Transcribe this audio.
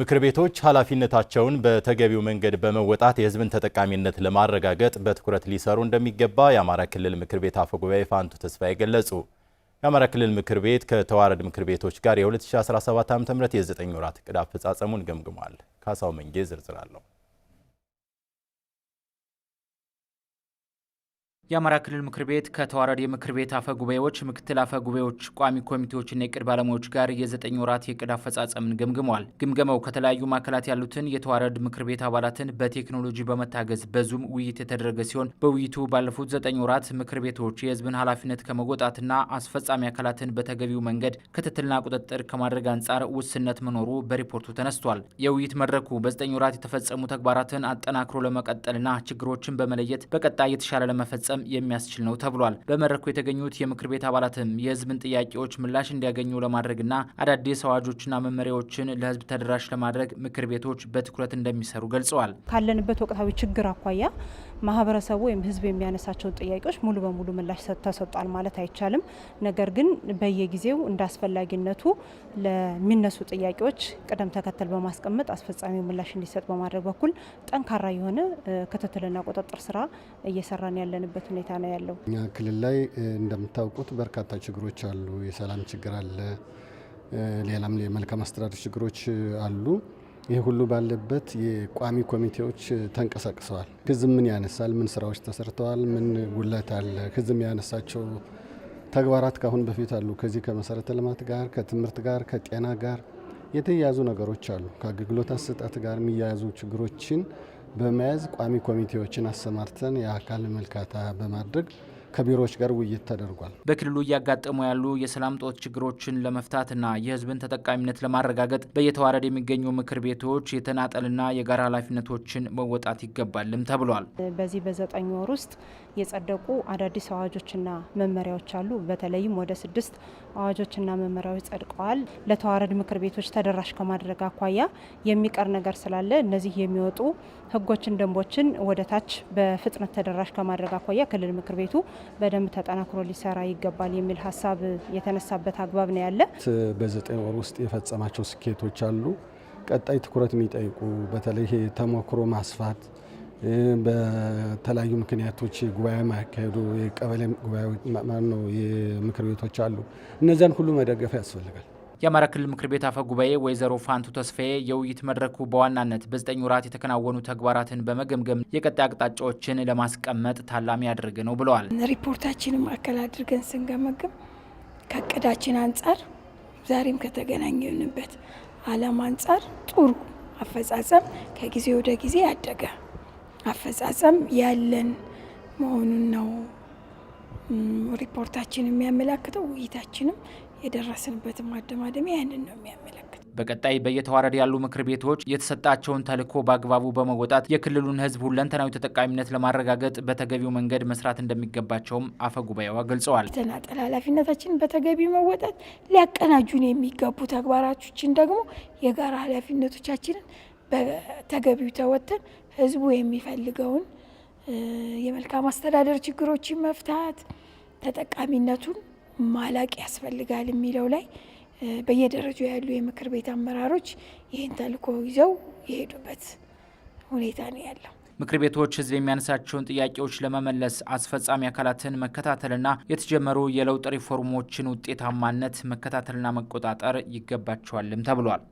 ምክር ቤቶች ኃላፊነታቸውን በተገቢው መንገድ በመወጣት የሕዝብን ተጠቃሚነት ለማረጋገጥ በትኩረት ሊሰሩ እንደሚገባ የአማራ ክልል ምክር ቤት አፈ ጉባኤ ፋንቱ ተስፋዬ ገለጹ። የአማራ ክልል ምክር ቤት ከተዋረድ ምክር ቤቶች ጋር የ2017 የ የዘጠኝ ወራት ዕቅድ አፈጻጸሙን ገምግሟል። ካሳው መንጌ ዝርዝር አለው። የአማራ ክልል ምክር ቤት ከተዋረድ የምክር ቤት አፈ ጉባኤዎች፣ ምክትል አፈ ጉባኤዎች፣ ቋሚ ኮሚቴዎችና የቅድ ባለሙያዎች ጋር የዘጠኝ ወራት የቅድ አፈጻጸምን ገምግመዋል። ግምገማው ከተለያዩ ማዕከላት ያሉትን የተዋረድ ምክር ቤት አባላትን በቴክኖሎጂ በመታገዝ በዙም ውይይት የተደረገ ሲሆን በውይይቱ ባለፉት ዘጠኝ ወራት ምክር ቤቶች የህዝብን ኃላፊነት ከመወጣትና አስፈጻሚ አካላትን በተገቢው መንገድ ክትትልና ቁጥጥር ከማድረግ አንጻር ውስነት መኖሩ በሪፖርቱ ተነስቷል። የውይይት መድረኩ በዘጠኝ ወራት የተፈጸሙ ተግባራትን አጠናክሮ ለመቀጠልና ችግሮችን በመለየት በቀጣይ የተሻለ ለመፈጸም ለመፈጸም የሚያስችል ነው ተብሏል። በመድረኩ የተገኙት የምክር ቤት አባላትም የህዝብን ጥያቄዎች ምላሽ እንዲያገኙ ለማድረግና አዳዲስ አዋጆችና መመሪያዎችን ለህዝብ ተደራሽ ለማድረግ ምክር ቤቶች በትኩረት እንደሚሰሩ ገልጸዋል። ካለንበት ወቅታዊ ችግር አኳያ ማህበረሰቡ ወይም ህዝብ የሚያነሳቸውን ጥያቄዎች ሙሉ በሙሉ ምላሽ ተሰጧል ማለት አይቻልም። ነገር ግን በየጊዜው እንደ አስፈላጊነቱ ለሚነሱ ጥያቄዎች ቅደም ተከተል በማስቀመጥ አስፈጻሚው ምላሽ እንዲሰጥ በማድረግ በኩል ጠንካራ የሆነ ክትትልና ቁጥጥር ስራ እየሰራን ያለንበት ሁኔታ ነው ያለው። እኛ ክልል ላይ እንደምታውቁት በርካታ ችግሮች አሉ። የሰላም ችግር አለ። ሌላም የመልካም አስተዳደር ችግሮች አሉ። ይህ ሁሉ ባለበት የቋሚ ኮሚቴዎች ተንቀሳቅሰዋል። ህዝብ ምን ያነሳል? ምን ስራዎች ተሰርተዋል? ምን ጉለት አለ? ህዝብ ያነሳቸው ተግባራት ካሁን በፊት አሉ። ከዚህ ከመሰረተ ልማት ጋር፣ ከትምህርት ጋር፣ ከጤና ጋር የተያያዙ ነገሮች አሉ። ከአገልግሎት አሰጣት ጋር የሚያያዙ ችግሮችን በመያዝ ቋሚ ኮሚቴዎችን አሰማርተን የአካል መልካታ በማድረግ ከቢሮዎች ጋር ውይይት ተደርጓል። በክልሉ እያጋጠሙ ያሉ የሰላም ጦት ችግሮችን ለመፍታትና የህዝብን ተጠቃሚነት ለማረጋገጥ በየተዋረድ የሚገኙ ምክር ቤቶች የተናጠልና የጋራ ኃላፊነቶችን መወጣት ይገባልም ተብሏል። በዚህ በዘጠኝ ወር ውስጥ የጸደቁ አዳዲስ አዋጆችና መመሪያዎች አሉ። በተለይም ወደ ስድስት አዋጆችና መመሪያዎች ጸድቀዋል። ለተዋረድ ምክር ቤቶች ተደራሽ ከማድረግ አኳያ የሚቀር ነገር ስላለ እነዚህ የሚወጡ ህጎችን፣ ደንቦችን ወደ ታች በፍጥነት ተደራሽ ከማድረግ አኳያ ክልል ምክር ቤቱ በደንብ ተጠናክሮ ሊሰራ ይገባል የሚል ሀሳብ የተነሳበት አግባብ ነው ያለ። በዘጠኝ ወር ውስጥ የፈጸማቸው ስኬቶች አሉ። ቀጣይ ትኩረት የሚጠይቁ በተለይ ተሞክሮ ማስፋት በተለያዩ ምክንያቶች ጉባኤ ማካሄዱ የቀበሌ ጉባኤ ነው የምክር ቤቶች አሉ። እነዚያን ሁሉ መደገፍ ያስፈልጋል። የአማራ ክልል ምክር ቤት አፈ ጉባኤ ወይዘሮ ፋንቱ ተስፋዬ የውይይት መድረኩ በዋናነት በዘጠኝ ወራት የተከናወኑ ተግባራትን በመገምገም የቀጣይ አቅጣጫዎችን ለማስቀመጥ ታላሚ ያደረገ ነው ብለዋል። ሪፖርታችንን ማዕከል አድርገን ስንገመግም ከእቅዳችን አንጻር ዛሬም ከተገናኘንበት ዓላማ አንጻር ጥሩ አፈጻጸም ከጊዜ ወደ ጊዜ ያደገ አፈጻጸም ያለን መሆኑን ነው ሪፖርታችን የሚያመላክተው። ውይይታችንም የደረስንበትን ማደማደም ያንን ነው የሚያመለክት። በቀጣይ በየተዋረድ ያሉ ምክር ቤቶች የተሰጣቸውን ተልዕኮ በአግባቡ በመወጣት የክልሉን ሕዝብ ሁለንተናዊ ተጠቃሚነት ለማረጋገጥ በተገቢው መንገድ መስራት እንደሚገባቸውም አፈ ጉባኤዋ ገልጸዋል። ተናጠል ኃላፊነታችንን በተገቢው መወጣት፣ ሊያቀናጁን የሚገቡ ተግባራቶችን ደግሞ የጋራ ኃላፊነቶቻችንን በተገቢው ተወጥተን ሕዝቡ የሚፈልገውን የመልካም አስተዳደር ችግሮችን መፍታት ተጠቃሚነቱን ማላቅ ያስፈልጋል የሚለው ላይ በየደረጃው ያሉ የምክር ቤት አመራሮች ይህን ተልዕኮ ይዘው የሄዱበት ሁኔታ ነው ያለው። ምክር ቤቶች ሕዝብ የሚያነሳቸውን ጥያቄዎች ለመመለስ አስፈጻሚ አካላትን መከታተልና የተጀመሩ የለውጥ ሪፎርሞችን ውጤታማነት መከታተልና መቆጣጠር ይገባቸዋልም ተብሏል።